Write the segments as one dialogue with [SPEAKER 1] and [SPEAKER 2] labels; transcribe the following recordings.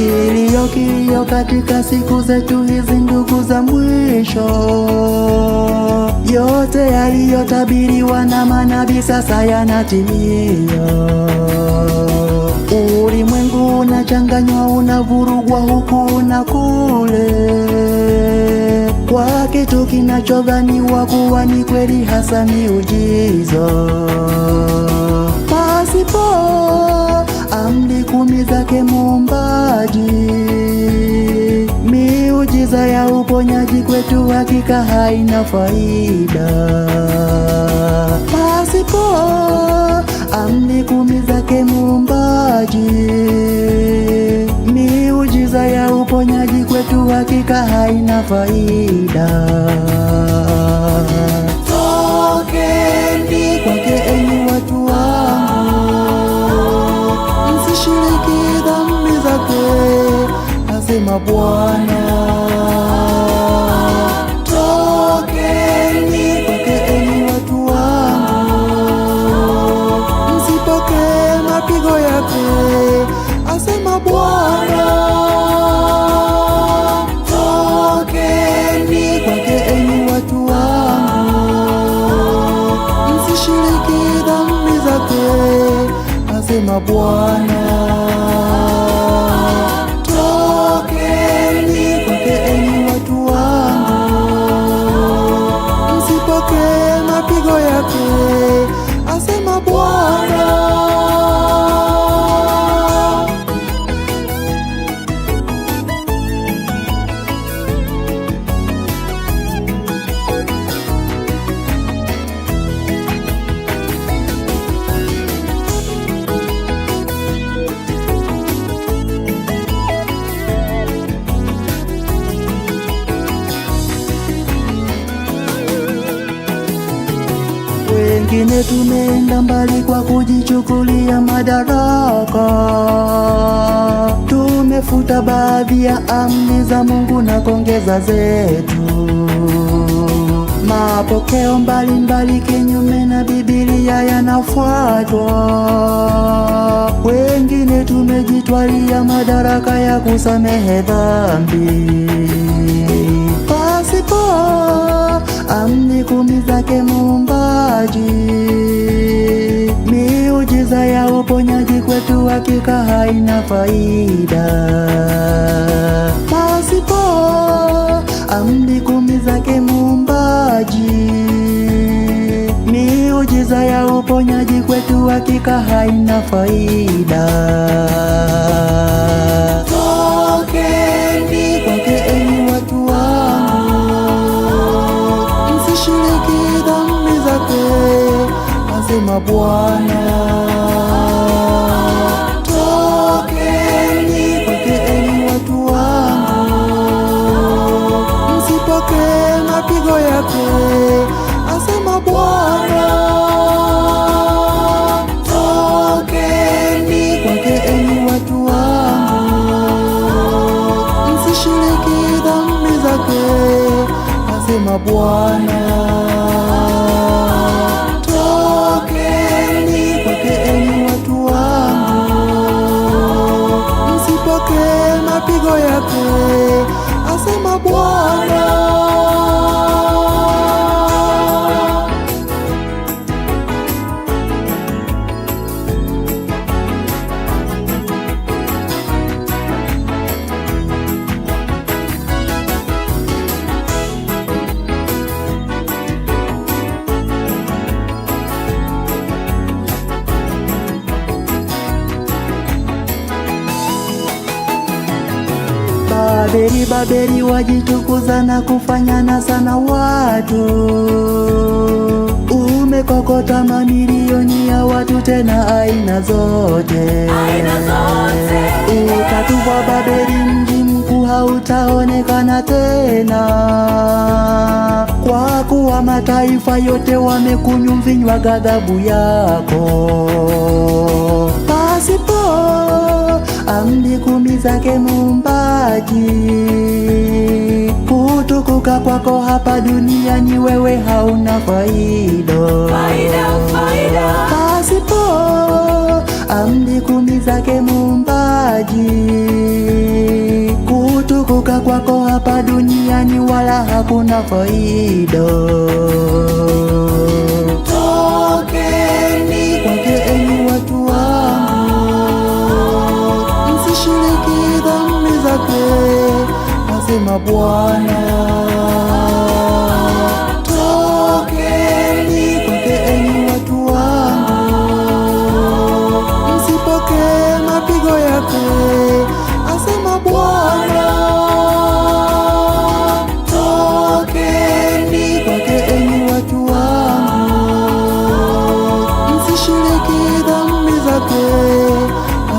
[SPEAKER 1] kilio kilio katika siku zetu hizi ndugu za mwisho, yote yaliyotabiriwa na manabii sasa yanatimia. Ulimwengu unachanganywa, unavurugwa huku na kule, kwa kitu kinachodhaniwa kuwa ni kweli, hasa miujizo pasipo kumi zake Muumbaji, miujiza ya uponyaji kwetu hakika haina faida pasipo amri kumi zake Muumbaji, miujiza ya uponyaji kwetu hakika haina faida.
[SPEAKER 2] anasema Bwana, tokeni mapigo yake, asema Bwana, tokeni pokeeni watu wangu, msishiriki asema Bwana.
[SPEAKER 1] wengine tumeenda mbali kwa kujichukulia madaraka. Tumefuta baadhi ya amri za Mungu na kongeza zetu. Mapokeo mbalimbali kinyume na Biblia yanafuatwa. Wengine tumejitwalia madaraka ya kusamehe dhambi pasipo amni kumi zake Muumbaji, miujiza ya uponyaji kwetu hakika haina faida pasipo amni kumi zake Muumbaji, miujiza ya uponyaji kwetu hakika haina faida.
[SPEAKER 2] sema Bwana, tokeni mapigo yake. Asema Bwana, tokeni kwake watu zake. Asema Bwana yake, asema Bwana.
[SPEAKER 1] Babeli, Babeli wajitukuza na kufanyana sana watu, umekokota mamilioni ya watu tena aina zote, aina zote. Utatupa Babeli, mji mkuu hautaonekana tena, kwa kuwa mataifa yote wamekunywa mvinyo wa ghadhabu yako. Amri kumi zake Muumbaji. Kutukuka kwako hapa duniani wewe hauna faida pasipo amri kumi zake Muumbaji. Kutukuka kwako hapa duniani wala hakuna faida
[SPEAKER 2] Akasema Bwana, tokeni kwake watu wangu, msipokee mapigo yake. Asema Bwana, tokeni kwake watu wangu, msishiriki dhambi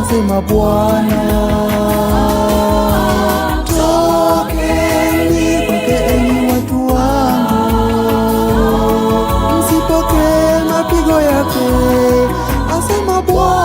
[SPEAKER 2] Asema Bwana I said, my boy.